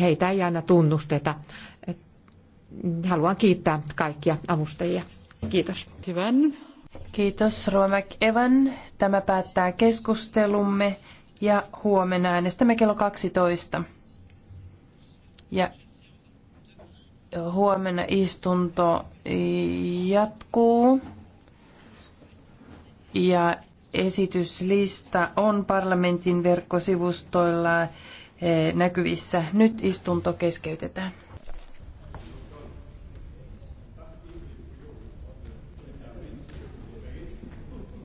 heitä ei aina tunnusteta. Haluan kiittää kaikkia avustajia. Kiitos. Hyvän. Kiitos Ruomek Evan. Tämä päättää keskustelumme ja huomenna äänestämme kello 12. Ja huomenna istunto jatkuu ja esityslista on parlamentin verkkosivustoilla Eh, näkyvissä. Nyt istunto keskeytetään.